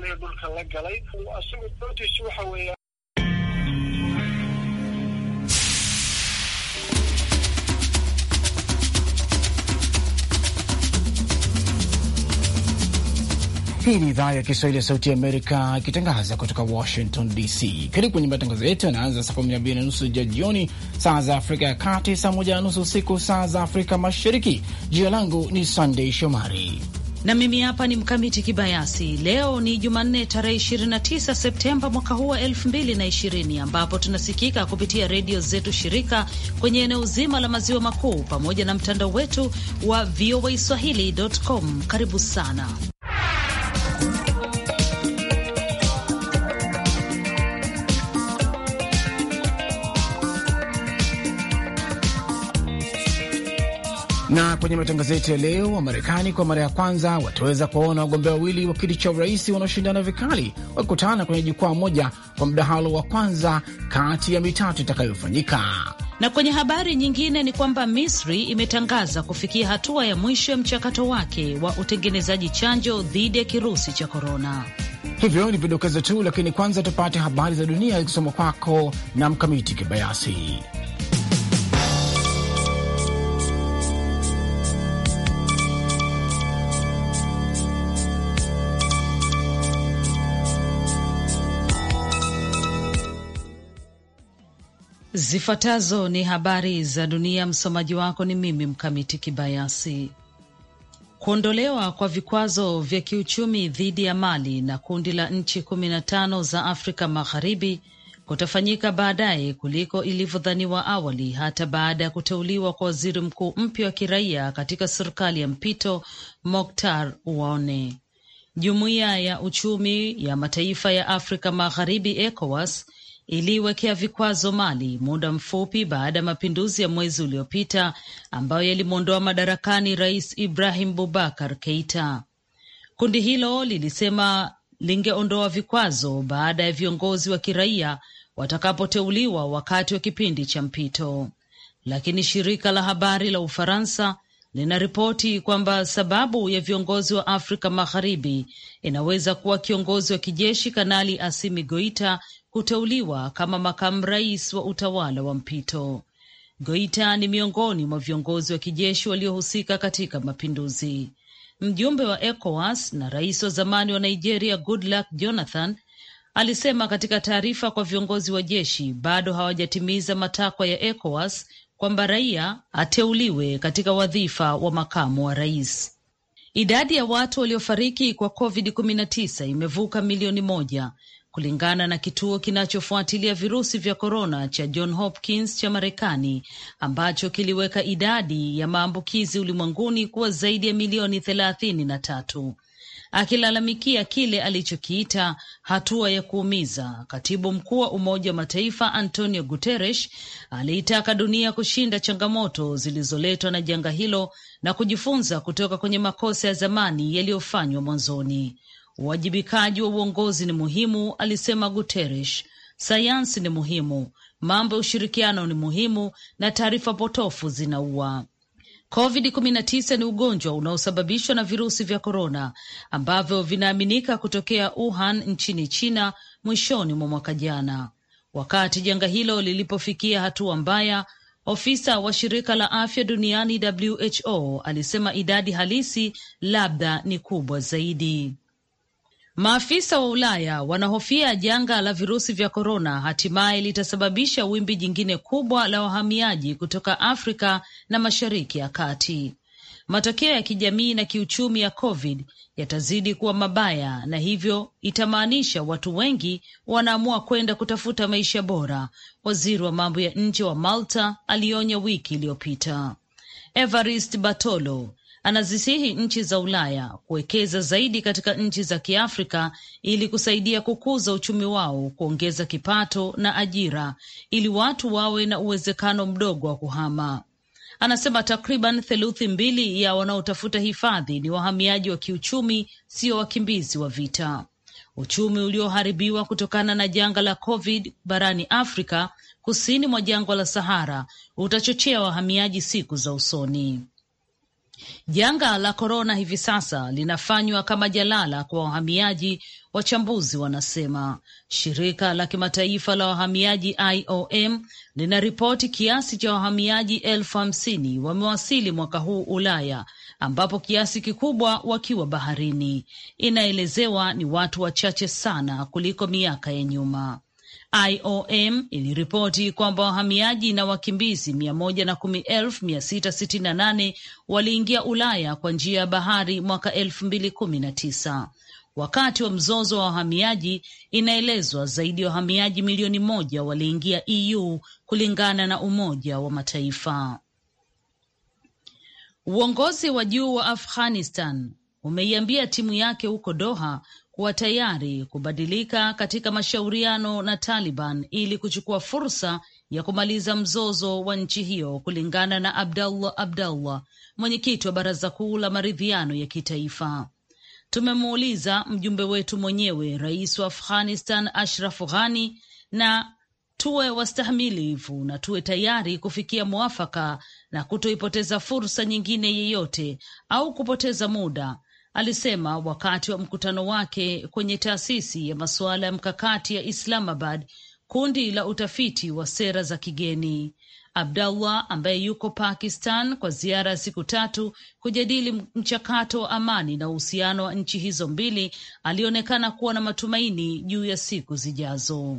aniga dhulka la galay asigu doontiisu waxa weeye Hii ni idhaa ya Kiswahili ya Sauti ya Amerika ikitangaza kutoka Washington DC. Karibu kwenye matangazo yetu yanaanza saa 12 na nusu ja jioni, saa za Afrika ya Kati, saa moja na nusu usiku, saa za Afrika Mashariki. Jina langu ni Sandei Shomari na mimi hapa ni Mkamiti Kibayasi. Leo ni Jumanne, tarehe 29 Septemba mwaka huu wa 2020 ambapo tunasikika kupitia redio zetu shirika kwenye eneo zima la maziwa makuu pamoja na mtandao wetu wa voa swahilicom Karibu sana. Na kwenye matangazo yetu ya leo, Wamarekani kwa mara ya kwanza wataweza kuwaona wagombea wawili wa kiti cha urais wanaoshindana vikali wakikutana kwenye jukwaa moja kwa mdahalo wa kwanza kati ya mitatu itakayofanyika. Na kwenye habari nyingine ni kwamba Misri imetangaza kufikia hatua ya mwisho ya mchakato wake wa utengenezaji chanjo dhidi ya kirusi cha korona. Hivyo ni vidokezo tu, lakini kwanza tupate habari za dunia zikisoma kwako na Mkamiti Kibayasi. Zifuatazo ni habari za dunia. Msomaji wako ni mimi Mkamiti Kibayasi. Kuondolewa kwa vikwazo vya kiuchumi dhidi ya Mali na kundi la nchi kumi na tano za Afrika Magharibi kutafanyika baadaye kuliko ilivyodhaniwa awali, hata baada ya kuteuliwa kwa waziri mkuu mpya wa kiraia katika serikali ya mpito Moktar Uone. Jumuiya ya Uchumi ya Mataifa ya Afrika Magharibi ECOWAS iliiwekea vikwazo Mali muda mfupi baada ya mapinduzi ya mwezi uliopita ambayo yalimwondoa madarakani Rais Ibrahim bubakar Keita. Kundi hilo lilisema lingeondoa vikwazo baada ya viongozi wa kiraia watakapoteuliwa wakati wa kipindi cha mpito, lakini shirika la habari la Ufaransa linaripoti kwamba sababu ya viongozi wa Afrika Magharibi inaweza kuwa kiongozi wa kijeshi Kanali Asimi Goita kuteuliwa kama makamu rais wa utawala wa mpito. Goita ni miongoni mwa viongozi wa kijeshi waliohusika katika mapinduzi. Mjumbe wa ECOWAS na rais wa zamani wa Nigeria Goodluck Jonathan alisema katika taarifa kwa viongozi wa jeshi bado hawajatimiza matakwa ya ECOWAS kwamba raia ateuliwe katika wadhifa wa makamu wa rais. Idadi ya watu waliofariki kwa COVID-19 imevuka milioni moja kulingana na kituo kinachofuatilia virusi vya korona cha John Hopkins cha Marekani ambacho kiliweka idadi ya maambukizi ulimwenguni kuwa zaidi ya milioni thelathini na tatu. Akilalamikia kile alichokiita hatua ya kuumiza, katibu mkuu wa Umoja wa Mataifa Antonio Guterres aliitaka dunia kushinda changamoto zilizoletwa na janga hilo na kujifunza kutoka kwenye makosa ya zamani yaliyofanywa mwanzoni. Uwajibikaji wa uongozi ni muhimu, alisema Guterres. Sayansi ni muhimu, mambo ya ushirikiano ni muhimu, na taarifa potofu zinaua. COVID-19 ni ugonjwa unaosababishwa na virusi vya korona ambavyo vinaaminika kutokea Wuhan nchini China mwishoni mwa mwaka jana. Wakati janga hilo lilipofikia hatua mbaya, ofisa wa shirika la afya duniani WHO alisema idadi halisi labda ni kubwa zaidi. Maafisa wa Ulaya wanahofia janga la virusi vya korona hatimaye litasababisha wimbi jingine kubwa la wahamiaji kutoka Afrika na Mashariki ya Kati. Matokeo ya kijamii na kiuchumi ya COVID yatazidi kuwa mabaya, na hivyo itamaanisha watu wengi wanaamua kwenda kutafuta maisha bora, waziri wa mambo ya nje wa Malta alionya wiki iliyopita. Evarist Batolo Anazisihi nchi za Ulaya kuwekeza zaidi katika nchi za Kiafrika ili kusaidia kukuza uchumi wao, kuongeza kipato na ajira, ili watu wawe na uwezekano mdogo wa kuhama. Anasema takriban theluthi mbili ya wanaotafuta hifadhi ni wahamiaji wa kiuchumi, sio wakimbizi wa vita. Uchumi ulioharibiwa kutokana na janga la COVID barani Afrika kusini mwa jangwa la Sahara utachochea wahamiaji siku za usoni. Janga la korona hivi sasa linafanywa kama jalala kwa wahamiaji, wachambuzi wanasema. Shirika la kimataifa la wahamiaji IOM linaripoti kiasi cha wahamiaji elfu hamsini wamewasili mwaka huu Ulaya, ambapo kiasi kikubwa wakiwa baharini. Inaelezewa ni watu wachache sana kuliko miaka ya nyuma. IOM iliripoti kwamba wahamiaji na wakimbizi mia waliingia Ulaya kwa njia ya bahari mwaka 2019. Wakati wa mzozo wa wahamiaji, inaelezwa zaidi ya wahamiaji milioni moja waliingia EU kulingana na Umoja wa Mataifa. Uongozi wa juu wa Afghanistan umeiambia timu yake huko Doha wa tayari kubadilika katika mashauriano na Taliban ili kuchukua fursa ya kumaliza mzozo wa nchi hiyo, kulingana na Abdallah Abdallah, mwenyekiti wa Baraza Kuu la Maridhiano ya Kitaifa. Tumemuuliza mjumbe wetu mwenyewe, rais wa Afghanistan Ashraf Ghani, na tuwe wastahmilivu na tuwe tayari kufikia mwafaka na kutoipoteza fursa nyingine yeyote au kupoteza muda alisema wakati wa mkutano wake kwenye taasisi ya masuala ya mkakati ya Islamabad, kundi la utafiti wa sera za kigeni. Abdallah ambaye yuko Pakistan kwa ziara ya siku tatu kujadili mchakato wa amani na uhusiano wa nchi hizo mbili, alionekana kuwa na matumaini juu ya siku zijazo.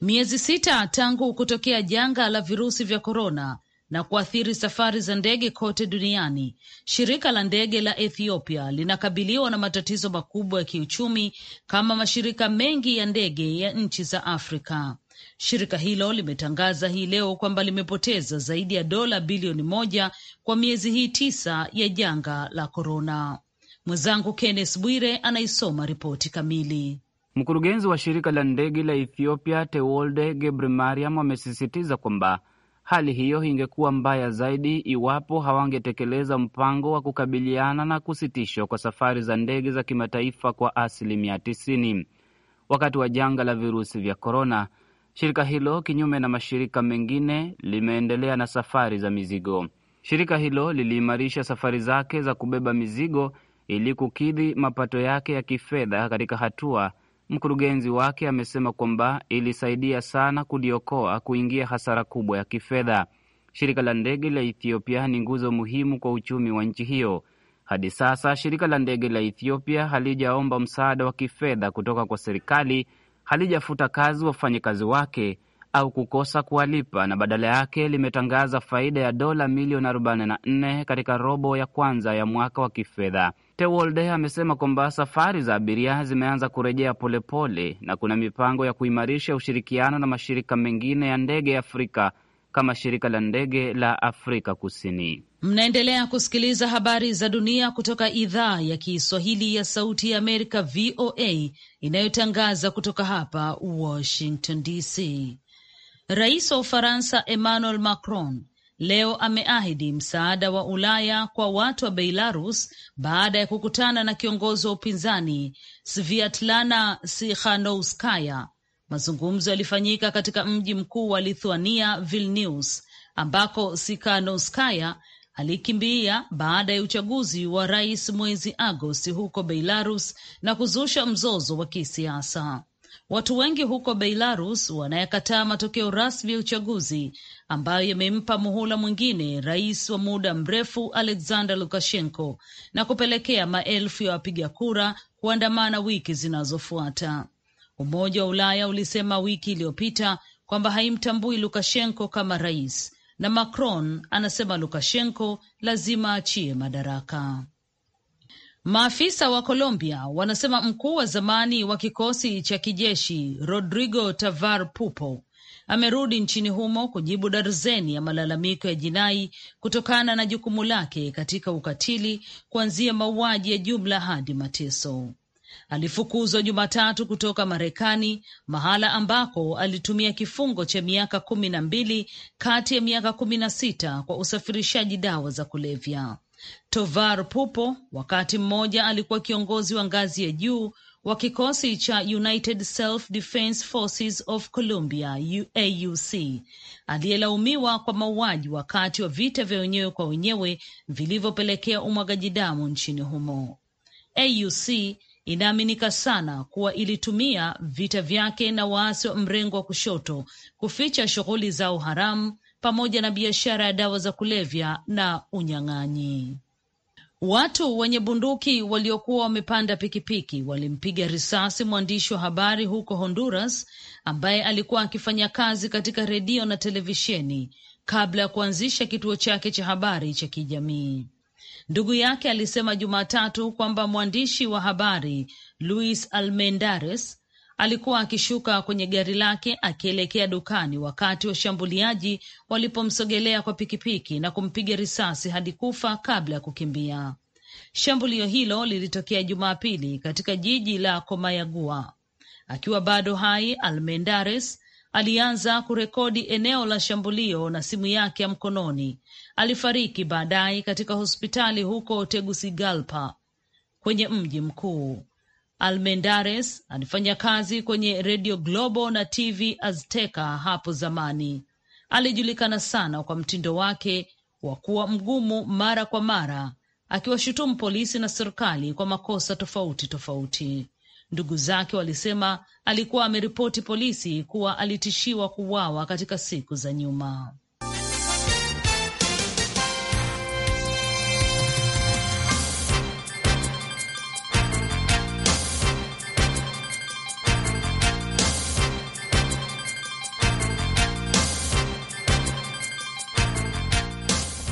Miezi sita tangu kutokea janga la virusi vya korona, na kuathiri safari za ndege kote duniani, shirika la ndege la Ethiopia linakabiliwa na matatizo makubwa ya kiuchumi kama mashirika mengi ya ndege ya nchi za Afrika. Shirika hilo limetangaza hii leo kwamba limepoteza zaidi ya dola bilioni moja kwa miezi hii tisa ya janga la korona. Mwenzangu Kenneth Bwire anaisoma ripoti kamili. Mkurugenzi wa shirika la ndege la Ethiopia Tewolde Gebre amesisitiza kwamba Hali hiyo ingekuwa mbaya zaidi iwapo hawangetekeleza mpango wa kukabiliana na kusitishwa kwa safari za ndege za kimataifa kwa asilimia 90. Wakati wa janga la virusi vya korona, shirika hilo kinyume na mashirika mengine limeendelea na safari za mizigo. Shirika hilo liliimarisha safari zake za kubeba mizigo ili kukidhi mapato yake ya kifedha katika hatua Mkurugenzi wake amesema kwamba ilisaidia sana kuliokoa kuingia hasara kubwa ya kifedha. Shirika la ndege la Ethiopia ni nguzo muhimu kwa uchumi wa nchi hiyo. Hadi sasa shirika la ndege la Ethiopia halijaomba msaada wa kifedha kutoka kwa serikali, halijafuta kazi wafanyakazi wake au kukosa kuwalipa, na badala yake limetangaza faida ya dola milioni 44 katika robo ya kwanza ya mwaka wa kifedha. Tewolde amesema kwamba safari za abiria zimeanza kurejea polepole na kuna mipango ya kuimarisha ushirikiano na mashirika mengine ya ndege Afrika kama shirika la ndege la Afrika Kusini. Mnaendelea kusikiliza habari za dunia kutoka idhaa ya Kiswahili ya Sauti ya Amerika, VOA, inayotangaza kutoka hapa Washington DC. Rais wa Ufaransa Emmanuel Macron leo ameahidi msaada wa Ulaya kwa watu wa Belarus baada ya kukutana na kiongozi wa upinzani Sviatlana Sikhanouskaya. Mazungumzo yalifanyika katika mji mkuu wa Lithuania, Vilnius, ambako Sikhanouskaya alikimbia baada ya uchaguzi wa rais mwezi Agosti huko Belarus na kuzusha mzozo wa kisiasa. Watu wengi huko Belarus wanayekataa matokeo rasmi ya uchaguzi ambayo yamempa muhula mwingine rais wa muda mrefu Alexander Lukashenko na kupelekea maelfu ya wapiga kura kuandamana wiki zinazofuata. Umoja wa Ulaya ulisema wiki iliyopita kwamba haimtambui Lukashenko kama rais na Macron anasema Lukashenko lazima achie madaraka. Maafisa wa Colombia wanasema mkuu wa zamani wa kikosi cha kijeshi Rodrigo Tavar Pupo amerudi nchini humo kujibu darzeni ya malalamiko ya jinai kutokana na jukumu lake katika ukatili, kuanzia mauaji ya jumla hadi mateso. Alifukuzwa Jumatatu kutoka Marekani, mahala ambako alitumia kifungo cha miaka kumi na mbili kati ya miaka kumi na sita kwa usafirishaji dawa za kulevya. Tovar Pupo wakati mmoja alikuwa kiongozi wa ngazi ya juu wa kikosi cha United Self Defense Forces of Colombia AUC aliyelaumiwa kwa mauaji wakati wa vita vya wenyewe kwa wenyewe vilivyopelekea umwagaji damu nchini humo. AUC inaaminika sana kuwa ilitumia vita vyake na waasi wa mrengo wa kushoto kuficha shughuli zao haramu pamoja na biashara ya dawa za kulevya na unyang'anyi. Watu wenye bunduki waliokuwa wamepanda pikipiki walimpiga risasi mwandishi wa habari huko Honduras ambaye alikuwa akifanya kazi katika redio na televisheni kabla ya kuanzisha kituo chake cha habari cha kijamii. Ndugu yake alisema Jumatatu kwamba mwandishi wa habari Luis Almendares alikuwa akishuka kwenye gari lake akielekea dukani wakati washambuliaji walipomsogelea kwa pikipiki na kumpiga risasi hadi kufa kabla ya kukimbia. Shambulio hilo lilitokea Jumapili katika jiji la Komayagua. Akiwa bado hai, Almendares alianza kurekodi eneo la shambulio na simu yake ya mkononi. Alifariki baadaye katika hospitali huko Tegusigalpa kwenye mji mkuu. Almendares alifanya kazi kwenye redio Globo na TV Azteca hapo zamani. Alijulikana sana kwa mtindo wake wa kuwa mgumu mara kwa mara, akiwashutumu polisi na serikali kwa makosa tofauti tofauti. Ndugu zake walisema alikuwa ameripoti polisi kuwa alitishiwa kuuawa katika siku za nyuma.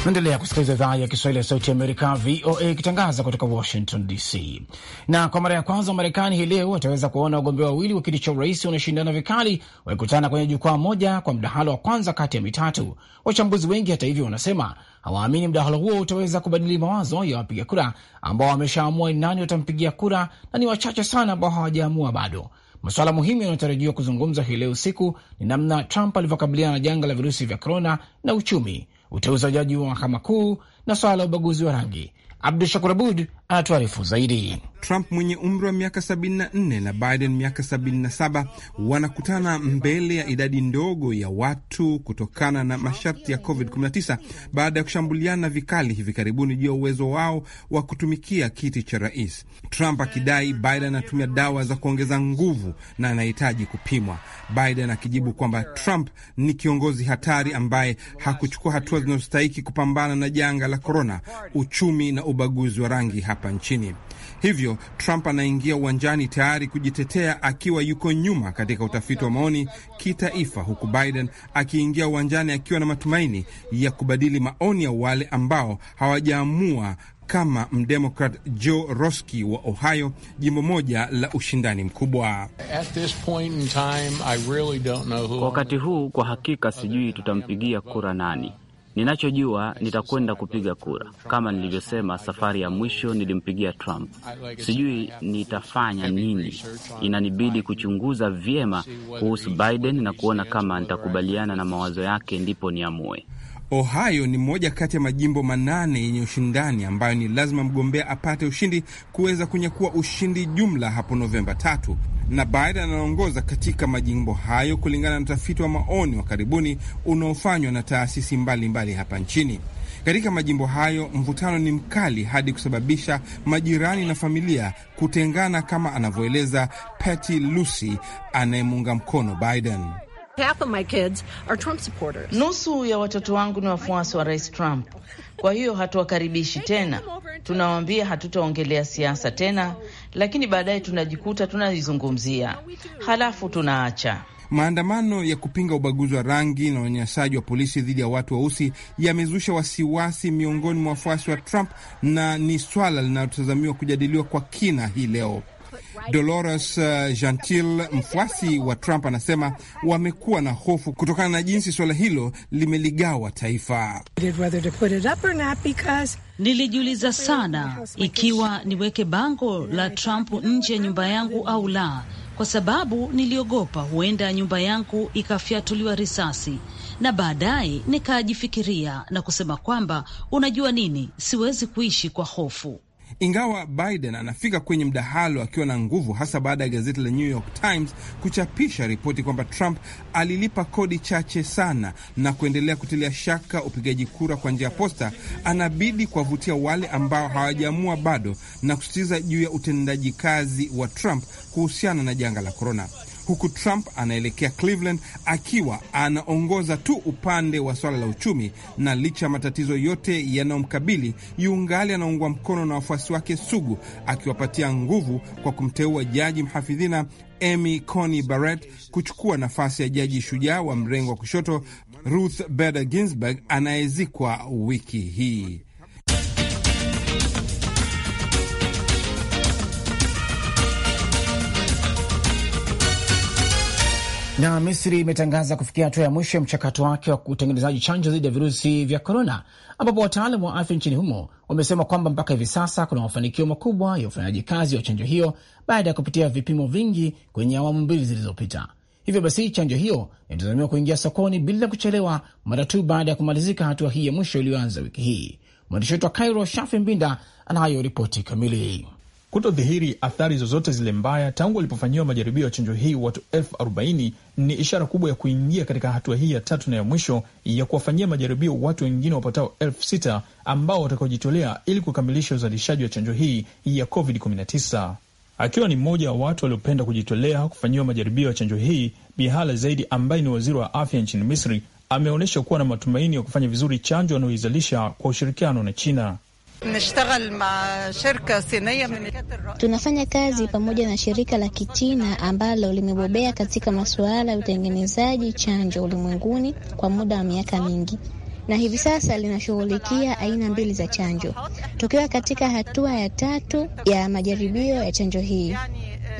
Naendelea kusikiliza idhaa ya Kiswahili ya Sauti ya Amerika, VOA, ikitangaza kutoka Washington DC. Na kwa mara ya kwanza Wamarekani hii leo wataweza kuwaona wagombea wawili wa kiti cha urais wanashindana vikali wakikutana kwenye jukwaa moja kwa mdahalo wa kwanza kati ya mitatu. Wachambuzi wengi, hata hivyo, wanasema hawaamini mdahalo huo utaweza kubadili mawazo ya wapiga kura ambao wameshaamua ni nani watampigia kura, na ni wachache sana ambao hawajaamua bado. Masuala muhimu yanayotarajiwa kuzungumzwa hii leo usiku ni namna Trump alivyokabiliana na janga la virusi vya korona na uchumi uteuzi wa jaji wa mahakama kuu na swala la ubaguzi wa rangi. Abdu Shakur Abud anatuarifu zaidi. Trump mwenye umri wa miaka 74 na Biden miaka 77 wanakutana mbele ya idadi ndogo ya watu kutokana na masharti ya COVID-19 baada ya kushambuliana vikali hivi karibuni juu ya uwezo wao wa kutumikia kiti cha rais, Trump akidai Biden anatumia dawa za kuongeza nguvu na anahitaji kupimwa, Biden akijibu kwamba Trump ni kiongozi hatari ambaye hakuchukua hatua zinazostahiki kupambana na janga la korona, uchumi na ubaguzi wa rangi hapa nchini. Hivyo Trump anaingia uwanjani tayari kujitetea akiwa yuko nyuma katika utafiti wa maoni kitaifa, huku Biden akiingia uwanjani akiwa na matumaini ya kubadili maoni ya wale ambao hawajaamua kama mdemokrat Joe Roski wa Ohio, jimbo moja la ushindani mkubwa. Kwa wakati huu, kwa hakika sijui tutampigia kura nani. Ninachojua nitakwenda kupiga kura. Kama nilivyosema, safari ya mwisho nilimpigia Trump. Sijui nitafanya nini, inanibidi kuchunguza vyema kuhusu Biden na kuona kama nitakubaliana na mawazo yake, ndipo niamue. Ohio ni moja kati ya majimbo manane yenye ushindani ambayo ni lazima mgombea apate ushindi kuweza kunyakua ushindi jumla hapo Novemba tatu, na Biden anaongoza katika majimbo hayo kulingana na utafiti wa maoni wa karibuni unaofanywa na taasisi mbalimbali mbali hapa nchini. Katika majimbo hayo mvutano ni mkali hadi kusababisha majirani na familia kutengana, kama anavyoeleza Patty Lucy anayemuunga mkono Biden. Half of my kids are Trump supporters. Nusu ya watoto wangu ni wafuasi wa Rais Trump, kwa hiyo hatuwakaribishi tena. Tunawaambia hatutaongelea siasa tena, lakini baadaye tunajikuta tunaizungumzia, halafu tunaacha. Maandamano ya kupinga ubaguzi wa rangi na unyanyasaji wa polisi dhidi ya watu weusi yamezusha wasiwasi miongoni mwa wafuasi wa Trump na ni swala linalotazamiwa kujadiliwa kwa kina hii leo. Dolores uh, Gentil, mfuasi wa Trump, anasema wamekuwa na hofu kutokana na jinsi suala hilo limeligawa taifa. Nilijiuliza sana ikiwa niweke bango la Trump nje ya nyumba yangu au la, kwa sababu niliogopa huenda nyumba yangu ikafyatuliwa risasi na baadaye nikajifikiria na kusema kwamba unajua nini, siwezi kuishi kwa hofu. Ingawa Biden anafika kwenye mdahalo akiwa na nguvu, hasa baada ya gazeti la New York Times kuchapisha ripoti kwamba Trump alilipa kodi chache sana na kuendelea kutilia shaka upigaji kura kwa njia ya posta, anabidi kuwavutia wale ambao hawajaamua bado na kusisitiza juu ya utendaji kazi wa Trump kuhusiana na janga la korona huku Trump anaelekea Cleveland akiwa anaongoza tu upande wa swala la uchumi, na licha ya matatizo yote yanayomkabili yungali anaungwa mkono na wafuasi wake sugu, akiwapatia nguvu kwa kumteua jaji mhafidhina Amy Coney Barrett kuchukua nafasi ya jaji shujaa wa mrengo wa kushoto Ruth Bader Ginsburg anayezikwa wiki hii. Na Misri imetangaza kufikia hatua ya mwisho ya mchakato wake wa utengenezaji chanjo dhidi ya virusi vya korona, ambapo wataalam wa afya nchini humo wamesema kwamba mpaka hivi sasa kuna mafanikio makubwa ya ufanyaji kazi wa chanjo hiyo baada ya kupitia vipimo vingi kwenye awamu mbili zilizopita. Hivyo basi chanjo hiyo inatazamiwa kuingia sokoni bila kuchelewa mara tu baada ya kumalizika hatua hii ya mwisho iliyoanza wiki hii. Mwandishi wetu wa Cairo, Shafi Mbinda, anayo ripoti kamili. Kutodhihiri athari zozote zile mbaya tangu walipofanyiwa majaribio ya chanjo hii watu elfu arobaini ni ishara kubwa ya kuingia katika hatua hii ya tatu na ya mwisho ya kuwafanyia majaribio watu wengine wapatao elfu sita ambao watakaojitolea ili kukamilisha uzalishaji wa chanjo hii ya COVID-19. Akiwa ni mmoja wa watu waliopenda kujitolea kufanyiwa majaribio ya chanjo hii, Bihala Zaidi ambaye ni waziri wa afya nchini Misri ameonyesha kuwa na matumaini ya kufanya vizuri chanjo anayoizalisha kwa ushirikiano na China. Tunafanya kazi pamoja na shirika la Kichina ambalo limebobea katika masuala ya utengenezaji chanjo ulimwenguni kwa muda wa miaka mingi na hivi sasa linashughulikia aina mbili za chanjo, tukiwa katika hatua ya tatu ya majaribio ya chanjo hii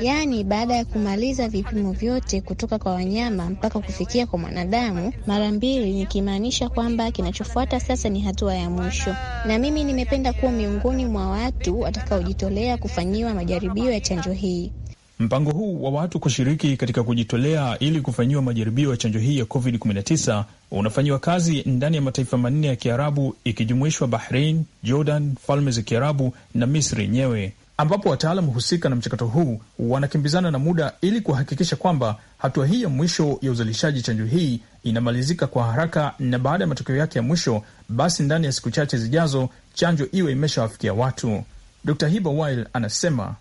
yaani baada ya kumaliza vipimo vyote kutoka kwa wanyama mpaka kufikia kwa mwanadamu mara mbili, nikimaanisha kwamba kinachofuata sasa ni hatua ya mwisho. Na mimi nimependa kuwa miongoni mwa watu watakaojitolea kufanyiwa majaribio ya chanjo hii. Mpango huu wa watu kushiriki katika kujitolea ili kufanyiwa majaribio ya chanjo hii ya COVID-19 unafanyiwa kazi ndani ya mataifa manne ya Kiarabu ikijumuishwa Bahrain, Jordan, Falme za Kiarabu na Misri yenyewe ambapo wataalam husika na mchakato huu wanakimbizana na muda ili kuhakikisha kwamba hatua hii ya mwisho ya uzalishaji chanjo hii inamalizika kwa haraka, na baada ya matokeo yake ya mwisho, basi ndani ya siku chache zijazo chanjo iwe imeshawafikia watu. Dr Hiba wil anasema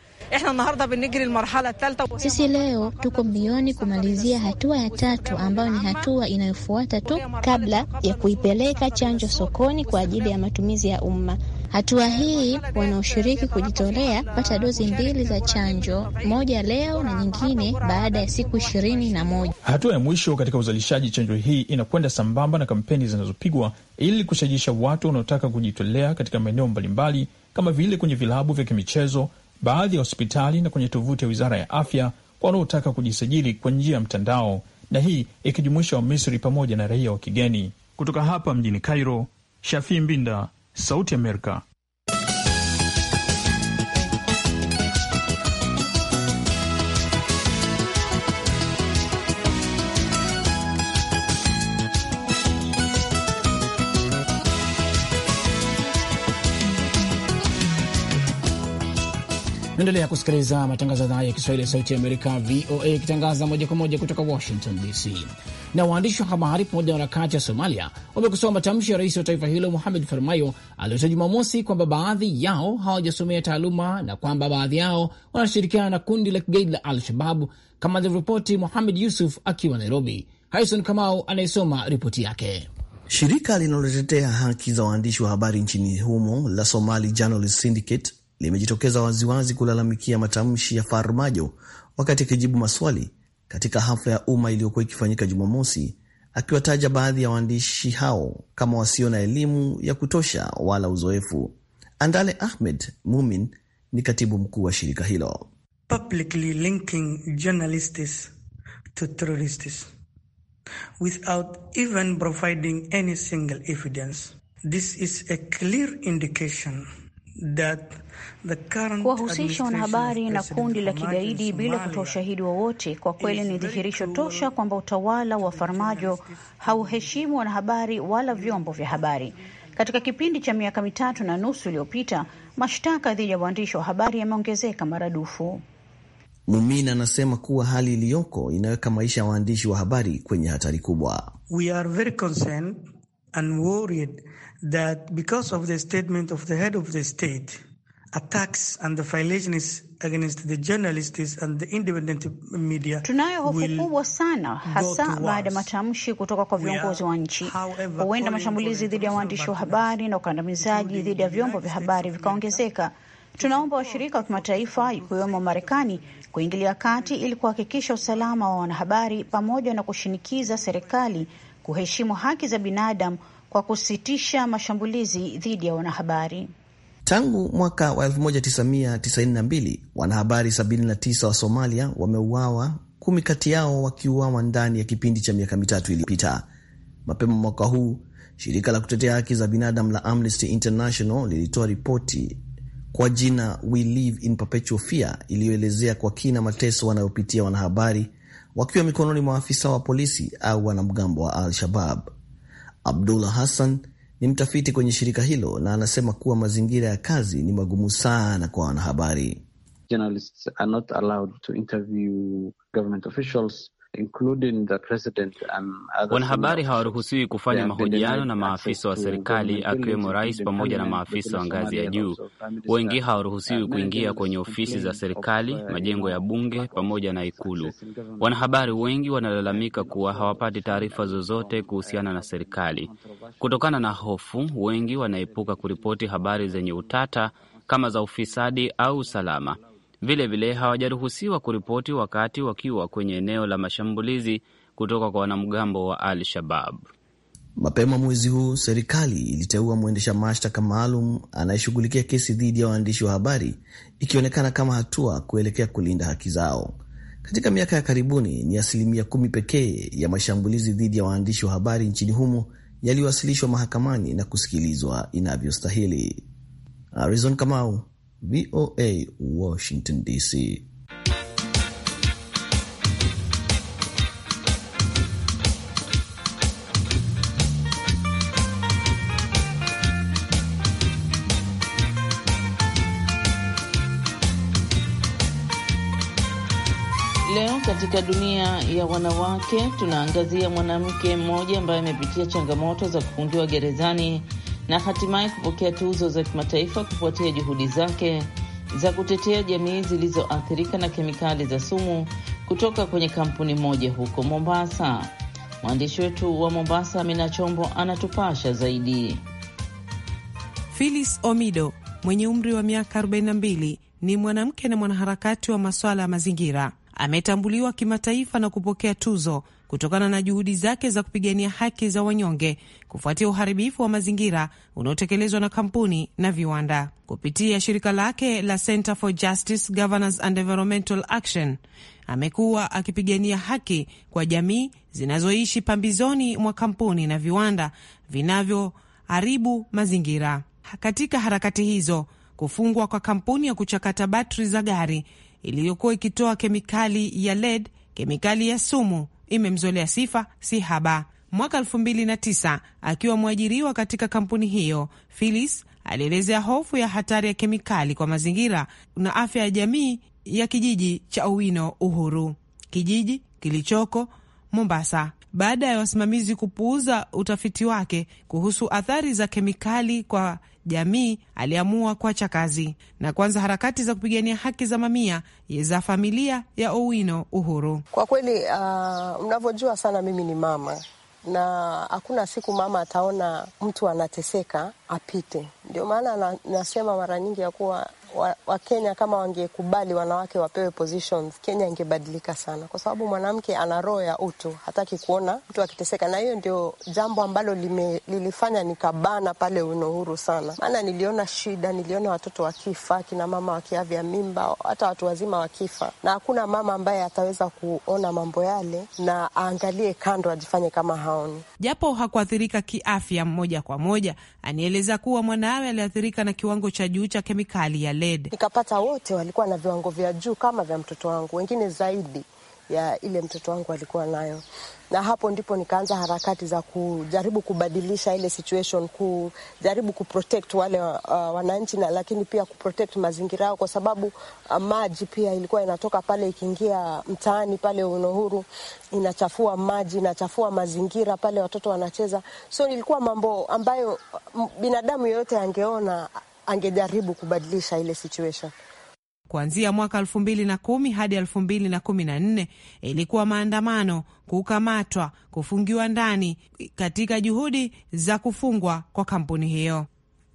sisi leo tuko mbioni kumalizia hatua ya tatu, ambayo ni hatua inayofuata tu kabla ya kuipeleka chanjo sokoni kwa ajili ya matumizi ya umma. Hatua hii wanaoshiriki kujitolea pata dozi mbili za chanjo, moja leo na nyingine baada ya siku ishirini na moja. Hatua ya mwisho katika uzalishaji chanjo hii inakwenda sambamba na kampeni zinazopigwa ili kushajisha watu wanaotaka kujitolea katika maeneo mbalimbali kama vile kwenye vilabu vya kimichezo, baadhi ya hospitali na kwenye tovuti ya Wizara ya Afya kwa wanaotaka kujisajili kwa njia ya mtandao, na hii ikijumuisha Wamisri pamoja na raia wa kigeni. Kutoka hapa mjini Cairo, Shafii Mbinda, Sauti Amerika, Naendelea kusikiliza matangazo haya ya Kiswahili ya Sauti ya Amerika, VOA, ikitangaza moja kwa moja kutoka Washington DC. Na waandishi wa habari pamoja na harakati ya Somalia wamekosoa matamshi ya rais wa taifa hilo Mohamed Farmayo aliyotoa Jumamosi kwamba baadhi yao hawajasomea taaluma na kwamba baadhi yao wanashirikiana na kundi la kigaidi la Al-Shababu, kama alivyoripoti Mohamed Yusuf akiwa Nairobi. Harison Kamau anayesoma ripoti yake. Shirika linalotetea haki za waandishi wa habari nchini humo la Somali Journalist Syndicate limejitokeza waziwazi kulalamikia matamshi ya Farmajo wakati akijibu maswali katika hafla ya umma iliyokuwa ikifanyika Jumamosi, akiwataja baadhi ya waandishi hao kama wasio na elimu ya kutosha wala uzoefu. Andale Ahmed Mumin ni katibu mkuu wa shirika hilo. Publicly linking journalists to terrorists without even providing any single evidence. This is a clear indication that Kuwahusisha wanahabari na kundi la kigaidi bila kutoa ushahidi wowote, kwa kweli ni dhihirisho tosha kwamba utawala wa Farmajo hauheshimu wanahabari wala vyombo vya habari. Katika kipindi cha miaka mitatu na nusu iliyopita, mashtaka dhidi ya waandishi wa habari yameongezeka maradufu. Mumin anasema kuwa hali iliyoko inaweka maisha ya waandishi wa habari kwenye hatari kubwa. We are very concerned and worried that because of the statement of the head of the state Tunayo hofu kubwa sana, hasa baada ya matamshi kutoka kwa viongozi wa nchi. Huenda mashambulizi dhidi ya waandishi wa habari na ukandamizaji dhidi ya vyombo vya habari vikaongezeka. Tunaomba washirika wa kimataifa ikiwemo Marekani kuingilia kati ili kuhakikisha usalama wa wanahabari pamoja na kushinikiza serikali kuheshimu haki za binadamu kwa kusitisha mashambulizi dhidi ya wanahabari. Tangu mwaka wa 1992 wanahabari 79 wa Somalia wameuawa, kumi kati yao wakiuawa ndani ya kipindi cha miaka mitatu iliyopita. Mapema mwaka huu shirika la kutetea haki za binadamu la Amnesty International lilitoa ripoti kwa jina We Live in Perpetual Fear iliyoelezea kwa kina mateso wanayopitia wanahabari wakiwa mikononi mwa afisa wa polisi au wanamgambo wa Al-Shabab. Abdullah Hassan ni mtafiti kwenye shirika hilo na anasema kuwa mazingira ya kazi ni magumu sana kwa wanahabari. Journalists are not allowed to interview government officials. Wanahabari hawaruhusiwi kufanya mahojiano na maafisa wa serikali akiwemo rais pamoja na maafisa wa ngazi ya juu. Wengi hawaruhusiwi kuingia kwenye ofisi za serikali, majengo ya bunge pamoja na Ikulu. Wanahabari wengi wanalalamika kuwa hawapati taarifa zozote kuhusiana na serikali. Kutokana na hofu, wengi wanaepuka kuripoti habari zenye utata kama za ufisadi au usalama. Vilevile hawajaruhusiwa kuripoti wakati wakiwa kwenye eneo la mashambulizi kutoka kwa wanamgambo wa Al Shabab. Mapema mwezi huu serikali iliteua mwendesha mashtaka maalum anayeshughulikia kesi dhidi ya waandishi wa habari, ikionekana kama hatua kuelekea kulinda haki zao. Katika miaka ya karibuni ni asilimia kumi pekee ya mashambulizi dhidi ya waandishi wa habari nchini humo yaliyowasilishwa mahakamani na kusikilizwa inavyostahili. Arizona Kamau, VOA Washington DC. Leo katika dunia ya wanawake tunaangazia mwanamke mmoja ambaye amepitia changamoto za kufungiwa gerezani na hatimaye kupokea tuzo za kimataifa kufuatia juhudi zake za kutetea jamii zilizoathirika na kemikali za sumu kutoka kwenye kampuni moja huko Mombasa. Mwandishi wetu wa Mombasa, Amina Chombo, anatupasha zaidi. Phyllis Omido mwenye umri wa miaka 42 ni mwanamke na mwanaharakati wa masuala ya mazingira. Ametambuliwa kimataifa na kupokea tuzo kutokana na juhudi zake za kupigania haki za wanyonge kufuatia uharibifu wa mazingira unaotekelezwa na kampuni na viwanda. Kupitia shirika lake la Center for Justice, Governance and Environmental Action, amekuwa akipigania haki kwa jamii zinazoishi pambizoni mwa kampuni na viwanda vinavyoharibu mazingira. Katika harakati hizo, kufungwa kwa kampuni ya kuchakata batri za gari iliyokuwa ikitoa kemikali ya lead, kemikali ya sumu imemzolea sifa si haba. Mwaka elfu mbili na tisa akiwa mwajiriwa katika kampuni hiyo, Phyllis alielezea hofu ya hatari ya kemikali kwa mazingira na afya ya jamii ya kijiji cha Owino Uhuru, kijiji kilichoko Mombasa baada ya wasimamizi kupuuza utafiti wake kuhusu athari za kemikali kwa jamii, aliamua kuacha kazi na kuanza harakati za kupigania haki za mamia za familia ya Owino Uhuru. Kwa kweli, uh, mnavyojua sana, mimi ni mama na hakuna siku mama ataona mtu anateseka apite. Ndio maana na, nasema mara nyingi ya kuwa Wakenya wa kama wangekubali wanawake wapewe positions, Kenya ingebadilika sana, kwa sababu mwanamke ana roho ya utu, hataki kuona mtu akiteseka, na hiyo ndio jambo ambalo lime, lilifanya nikabana pale Unohuru sana, maana niliona shida, niliona watoto wakifa, kina mama wakiavya mimba, hata watu wazima wakifa, na hakuna mama ambaye ataweza kuona mambo yale na aangalie kando, ajifanye kama haoni. Japo hakuathirika kiafya moja kwa moja, anieleza kuwa mwanawe aliathirika na kiwango cha juu cha kemikali ya led. Nikapata wote walikuwa na viwango vya juu kama vya mtoto wangu, wengine zaidi ya ile mtoto wangu alikuwa nayo, na hapo ndipo nikaanza harakati za kujaribu kubadilisha ile situation, kujaribu kuprotect wale uh, wananchi na lakini pia kuprotect mazingira yao, kwa sababu uh, maji pia ilikuwa inatoka pale ikiingia mtaani pale Unohuru, inachafua maji, inachafua mazingira pale watoto wanacheza. So ilikuwa mambo ambayo binadamu yeyote angeona angejaribu kubadilisha ile situation. Kuanzia mwaka elfu mbili na kumi hadi elfu mbili na kumi na nne ilikuwa maandamano, kukamatwa, kufungiwa ndani katika juhudi za kufungwa kwa kampuni hiyo.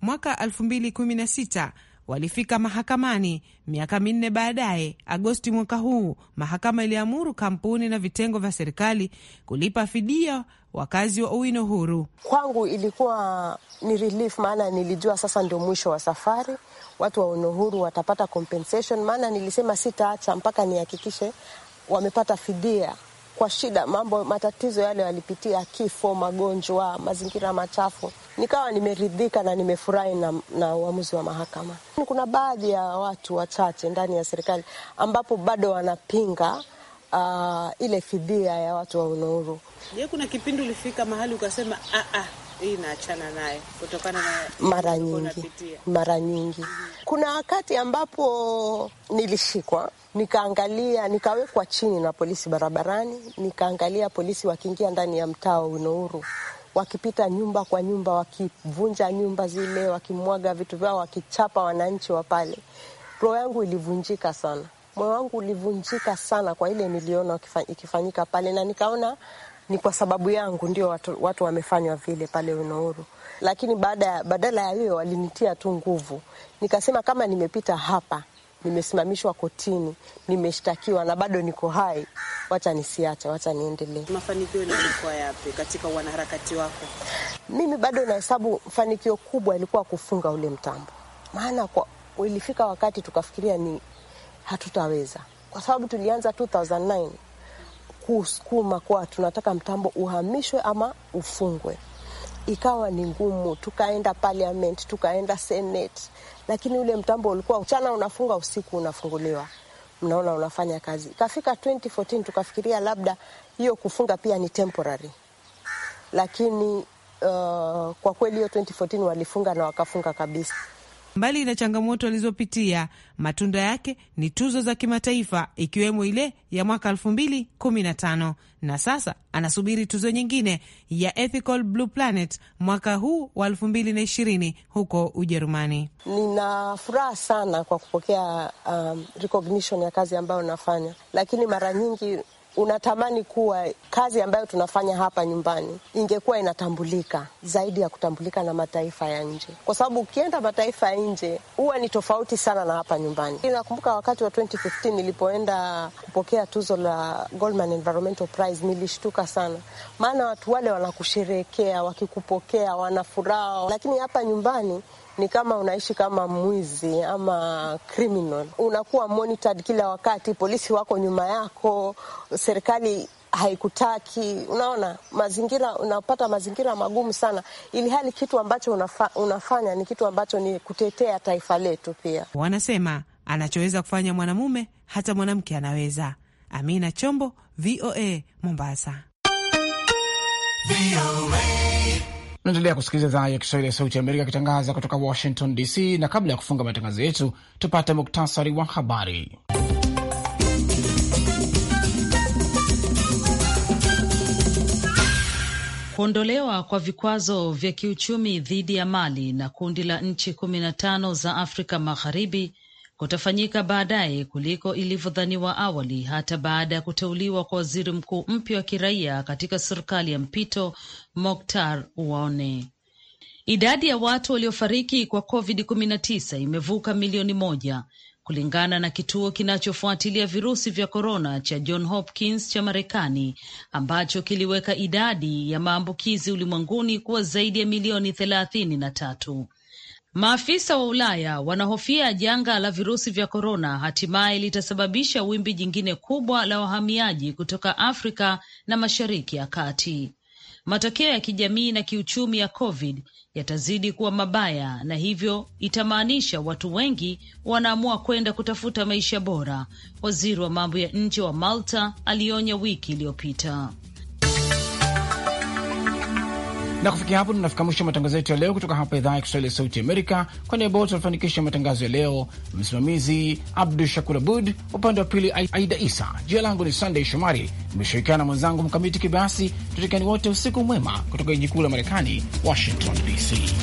Mwaka elfu mbili kumi na sita walifika mahakamani miaka minne baadaye. Agosti mwaka huu, mahakama iliamuru kampuni na vitengo vya serikali kulipa fidia wakazi wa Owino huru. Kwangu ilikuwa ni relief, maana nilijua sasa ndio mwisho wa safari, watu wa Owino huru watapata compensation, maana nilisema sitaacha mpaka nihakikishe wamepata fidia kwa shida, mambo matatizo yale walipitia, kifo, magonjwa, mazingira machafu. Nikawa nimeridhika na nimefurahi na, na uamuzi wa mahakama. Kuna baadhi ya watu wachache ndani ya serikali ambapo bado wanapinga uh, ile fidia ya watu wa uhuru. Je, kuna kipindi ulifika mahali ukasema a ah, a ah, hii naachana naye kutokana na mara nyingi, mara nyingi. Mhm. Kuna wakati ambapo nilishikwa nikaangalia, nikawekwa chini na polisi barabarani, nikaangalia polisi wakiingia ndani ya mtaa wa Unouru, wakipita nyumba kwa nyumba, wakivunja nyumba zile, wakimwaga vitu vyao, wakichapa wananchi wa pale. Roho yangu ilivunjika sana, moyo wangu ulivunjika sana kwa ile niliona ikifanyika pale, na nikaona ni kwa sababu yangu ndio watu, watu wamefanywa vile pale Unouru. Lakini baada badala ya hiyo walinitia tu nguvu, nikasema kama nimepita hapa nimesimamishwa kotini, nimeshtakiwa na bado niko hai, wacha nisiache, wacha niendelee. Mafanikio yalikuwa yapi katika wanaharakati wako? Mimi bado nahesabu mafanikio kubwa ilikuwa kufunga ule mtambo, maana kwa ilifika wakati tukafikiria ni hatutaweza, kwa sababu tulianza 2009 kusukuma kuwa tunataka mtambo uhamishwe ama ufungwe ikawa ni ngumu, tukaenda parliament, tukaenda senate, lakini ule mtambo ulikuwa mchana unafunga, usiku unafunguliwa, mnaona unafanya kazi. Ikafika 2014 tukafikiria labda hiyo kufunga pia ni temporary, lakini uh, kwa kweli hiyo 2014 walifunga na wakafunga kabisa. Mbali na changamoto alizopitia, matunda yake ni tuzo za kimataifa ikiwemo ile ya mwaka 2015 na sasa anasubiri tuzo nyingine ya Ethical Blue Planet mwaka huu wa 2020 huko Ujerumani. Nina furaha sana kwa kupokea um, recognition ya kazi ambayo nafanya, lakini mara nyingi unatamani kuwa kazi ambayo tunafanya hapa nyumbani ingekuwa inatambulika zaidi ya kutambulika na mataifa ya nje, kwa sababu ukienda mataifa ya nje huwa ni tofauti sana na hapa nyumbani. Nakumbuka wakati wa 2015 nilipoenda kupokea tuzo la Goldman Environmental Prize, nilishtuka sana, maana watu wale wanakusherehekea, wakikupokea, wanafuraha, lakini hapa nyumbani ni kama unaishi kama mwizi ama criminal. Unakuwa monitored kila wakati, polisi wako nyuma yako, serikali haikutaki. Unaona mazingira, unapata mazingira magumu sana, ili hali kitu ambacho unafa, unafanya ni kitu ambacho ni kutetea taifa letu. Pia wanasema anachoweza kufanya mwanamume hata mwanamke anaweza. Amina Chombo, VOA Mombasa. VOA. Unaendelea kusikiliza idhaa ya Kiswahili ya Sauti ya Amerika ikitangaza kutoka Washington DC, na kabla ya kufunga matangazo yetu tupate muktasari wa habari. Kuondolewa kwa vikwazo vya kiuchumi dhidi ya Mali na kundi la nchi kumi na tano za Afrika Magharibi kutafanyika baadaye kuliko ilivyodhaniwa awali, hata baada ya kuteuliwa kwa waziri mkuu mpya wa kiraia katika serikali ya mpito Moktar Ouane. Idadi ya watu waliofariki kwa COVID-19 imevuka milioni moja kulingana na kituo kinachofuatilia virusi vya korona cha John Hopkins cha Marekani ambacho kiliweka idadi ya maambukizi ulimwenguni kuwa zaidi ya milioni thelathini na tatu. Maafisa wa Ulaya wanahofia janga la virusi vya korona hatimaye litasababisha wimbi jingine kubwa la wahamiaji kutoka Afrika na Mashariki ya Kati. Matokeo ya kijamii na kiuchumi ya COVID yatazidi kuwa mabaya, na hivyo itamaanisha watu wengi wanaamua kwenda kutafuta maisha bora, waziri wa mambo ya nje wa Malta alionya wiki iliyopita. Na kufikia hapo tunafika mwisho matangazo yetu ya leo kutoka hapa idhaa ya Kiswahili ya Sauti Amerika. Kwa niaba wote walifanikisha matangazo ya leo, msimamizi Abdu Shakur Abud, upande wa pili Aida Isa. Jina langu ni Sandey Shomari, nimeshirikiana na mwenzangu Mkamiti Kibayasi. Tutekani wote usiku mwema kutoka jiji kuu la Marekani, Washington DC.